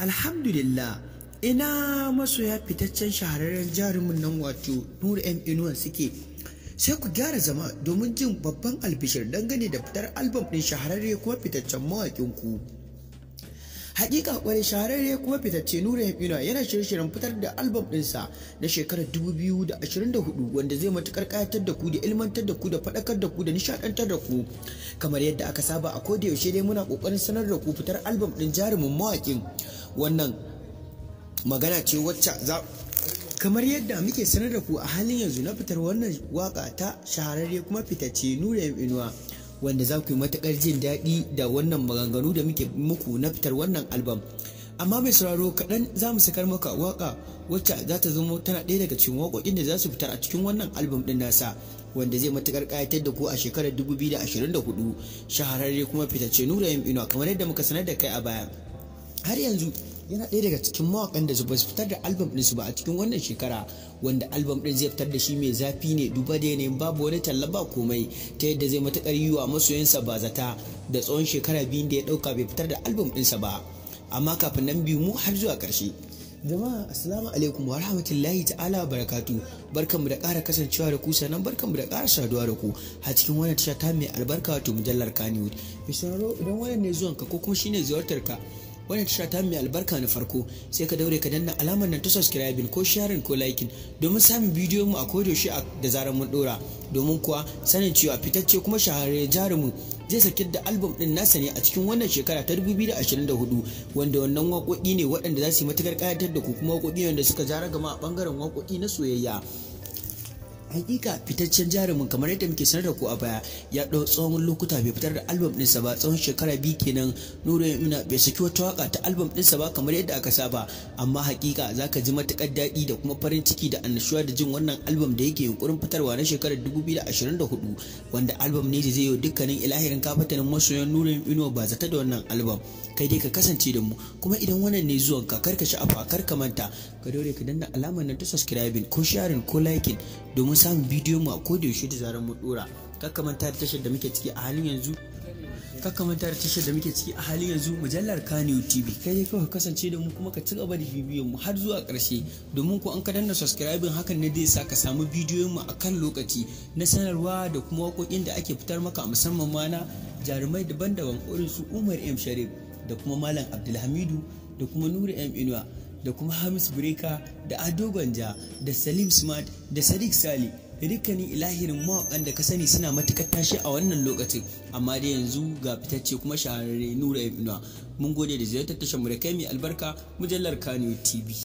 alhamdulillah ina masoya fitaccen shahararren jarumin nan wato nur m inuwa suke sai ku gyara zama domin jin babban albishir dangane da fitar albam ɗin shahararre kuma fitaccen mawaƙin ku hakika kwarai shahararre kuma fitacce nura inuwa yana shirye-shiryen fitar da albam dinsa na shekarar 2024 wanda zai matukar kayatar da ku da ilmantar da ku da faɗakar da ku da nishaɗantar da ku kamar yadda aka saba a koda yaushe dai muna kokarin sanar da ku fitar albam ɗin jarumin mawakin wannan magana ce wacce za kamar yadda muke sanar da ku a halin yanzu na fitar wannan waka ta shahararre kuma fitacce yin inuwa wanda za ku yi matakar jin daɗi da wannan maganganu da muke muku na fitar wannan albam amma mai sauraro kaɗan za mu sakar maka waka wacce za ta zama tana ɗaya daga cikin waƙoƙin da za su fitar a cikin wannan albam ɗin nasa wanda zai matukar ƙayatar da ku a shekarar 2024 shahararre kuma fitacce nura inuwa kamar yadda muka sanar da kai a baya har yanzu yana ɗaya daga cikin mawakan da ba su fitar da albam su ba a cikin wannan shekara wanda albam ɗin zai fitar da shi mai zafi ne duba da yanayin babu wani talla ba komai ta yadda zai matakar yi wa masoyansa ba zata da tsawon shekara biyun da ya ɗauka bai fitar da albam ɗinsa ba amma kafin nan biyu mu har zuwa ƙarshe jama'a assalamu alaikum wa rahmatullahi ta'ala barakatu barkanmu da ƙara kasancewa da ku sannan barkanmu da ƙara saduwa da ku a cikin wannan tasha ta mai albarka wato mujallar kanewood mai idan wannan ne zuwanka ko kuma shine ziyartar ka wannan tasha ta mai albarka na farko sai ka daure ka danna alamar nan ta subscribe ko sharing ko likin domin samun bidiyon mu a shi da zarar mun dora domin kuwa sanin cewa fitacce kuma shahararre jarumin zai saki da album din nasa ne a cikin wannan shekara ta 2024 wanda wannan waƙoƙi ne waɗanda za su yi matukar ƙayatar da ku kuma waƙoƙi ne wanda suka jara gama a ɓangaren waƙoƙi na soyayya hakika fitaccen jarumin kamar yadda muke sanar da ku a baya ya ɗau tsawon lokuta bai fitar da album ɗinsa ba tsawon shekara biyu kenan nuru yamina bai saki wata waka ta album ɗinsa ba kamar yadda aka saba amma hakika zaka ji matuƙar daɗi da kuma farin ciki da annashuwa da jin wannan album da yake yunkurin fitarwa na shekarar 2024 wanda album ne da zai yi dukkanin ilahirin kafatanin masoyan nuru yamina ba zata da wannan album kai dai ka kasance da mu kuma idan wannan ne zuwan ka karka sha'afa karka manta ka dore ka danna alamar na ta subscribing ko sharing ko liking domin samun bidiyon mu a koda yaushe da zarar mu dora kaka manta da tashar da muke ciki a halin yanzu kaka manta da tashar da muke ciki a halin yanzu mujallar Kano TV kai dai kawai kasance da mu kuma ka ci gaba da bibiyon mu har zuwa karshe domin ko an ka danna subscribing hakan ne zai sa ka samu bidiyon mu akan lokaci na sanarwa da kuma waƙoƙin da ake fitar maka musamman ma na jarumai daban-daban irin su Umar M Sharif da kuma Malam Abdulhamidu da kuma Nuri M Inuwa da kuma hamis breka da ado gwanja da salim smart da sadiq sali dukkanin ilahirin mawakan da ka sani suna matukar tashi a wannan lokacin amma dai yanzu ga fitacce kuma shahararre nura ibnuwa mun gode da ziyartar tashar mu da kai mai albarka mujallar kano tv